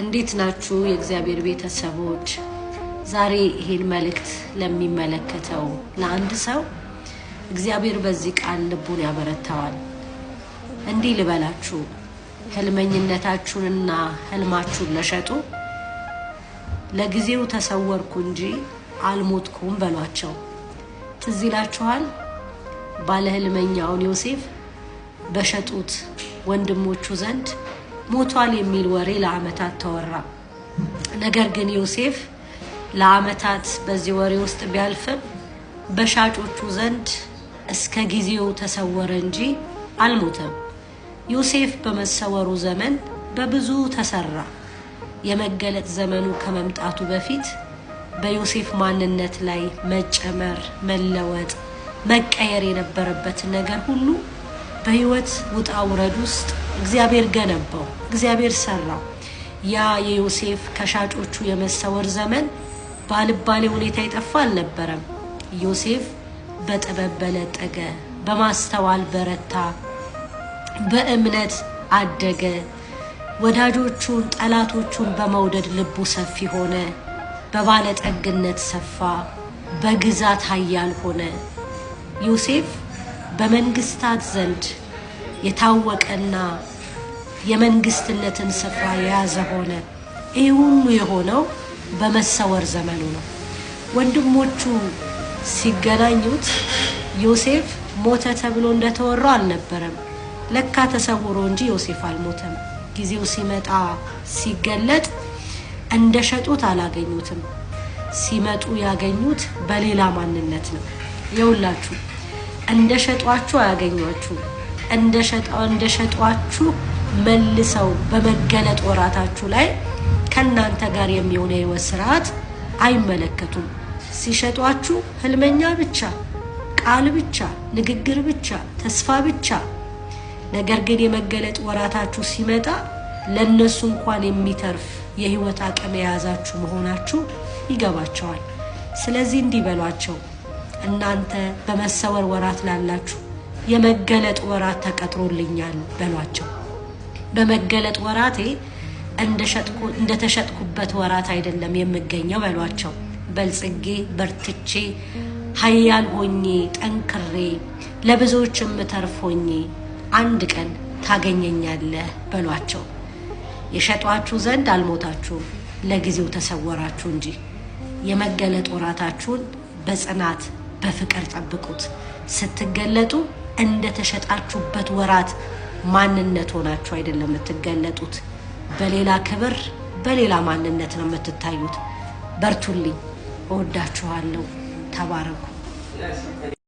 እንዴት ናችሁ የእግዚአብሔር ቤተሰቦች? ዛሬ ይሄን መልእክት ለሚመለከተው ለአንድ ሰው እግዚአብሔር በዚህ ቃል ልቡን ያበረታዋል። እንዲህ ልበላችሁ፣ ህልመኝነታችሁንና ህልማችሁን ለሸጡ ለጊዜው ተሰወርኩ እንጂ አልሞትኩም በሏቸው። ትዝ ይላችኋል ባለ ህልመኛውን ዮሴፍ በሸጡት ወንድሞቹ ዘንድ ሞቷል የሚል ወሬ ለአመታት ተወራ። ነገር ግን ዮሴፍ ለአመታት በዚህ ወሬ ውስጥ ቢያልፍም በሻጮቹ ዘንድ እስከ ጊዜው ተሰወረ እንጂ አልሞተም። ዮሴፍ በመሰወሩ ዘመን በብዙ ተሰራ። የመገለጥ ዘመኑ ከመምጣቱ በፊት በዮሴፍ ማንነት ላይ መጨመር፣ መለወጥ፣ መቀየር የነበረበትን ነገር ሁሉ በህይወት ውጣ ውረድ ውስጥ እግዚአብሔር ገነባው፣ እግዚአብሔር ሰራው። ያ የዮሴፍ ከሻጮቹ የመሰወር ዘመን ባልባሌ ሁኔታ የጠፋ አልነበረም። ዮሴፍ በጥበብ በለጠገ፣ በማስተዋል በረታ፣ በእምነት አደገ። ወዳጆቹን ጠላቶቹን በመውደድ ልቡ ሰፊ ሆነ። በባለጠግነት ሰፋ፣ በግዛት ኃያል ሆነ። ዮሴፍ በመንግስታት ዘንድ የታወቀና የመንግስትነትን ስፍራ የያዘ ሆነ። ይህ ሁሉ የሆነው በመሰወር ዘመኑ ነው። ወንድሞቹ ሲገናኙት ዮሴፍ ሞተ ተብሎ እንደተወራው አልነበረም። ለካ ተሰውሮ እንጂ ዮሴፍ አልሞተም። ጊዜው ሲመጣ ሲገለጥ እንደሸጡት አላገኙትም። ሲመጡ ያገኙት በሌላ ማንነት ነው። የሁላችሁ እንደሸጧችሁ አያገኟችሁ። እንደሸጧችሁ መልሰው በመገለጥ ወራታችሁ ላይ ከእናንተ ጋር የሚሆነ የህይወት ስርዓት አይመለከቱም። ሲሸጧችሁ ህልመኛ ብቻ፣ ቃል ብቻ፣ ንግግር ብቻ፣ ተስፋ ብቻ። ነገር ግን የመገለጥ ወራታችሁ ሲመጣ ለእነሱ እንኳን የሚተርፍ የህይወት አቅም የያዛችሁ መሆናችሁ ይገባቸዋል። ስለዚህ እንዲህ በሏቸው፣ እናንተ በመሰወር ወራት ላላችሁ የመገለጥ ወራት ተቀጥሮልኛል በሏቸው። በመገለጥ ወራቴ እንደተሸጥኩበት ወራት አይደለም የምገኘው በሏቸው። በልጽጌ በርትቼ ሀያል ሆኜ ጠንክሬ ለብዙዎች የምተርፍ ሆኜ አንድ ቀን ታገኘኛለህ በሏቸው። የሸጧችሁ ዘንድ አልሞታችሁም፣ ለጊዜው ተሰወራችሁ እንጂ የመገለጥ ወራታችሁን በጽናት በፍቅር ጠብቁት። ስትገለጡ እንደተሸጣችሁበት ወራት ማንነት ሆናችሁ አይደለም የምትገለጡት። በሌላ ክብር፣ በሌላ ማንነት ነው የምትታዩት። በርቱልኝ። እወዳችኋለሁ። ተባረኩ።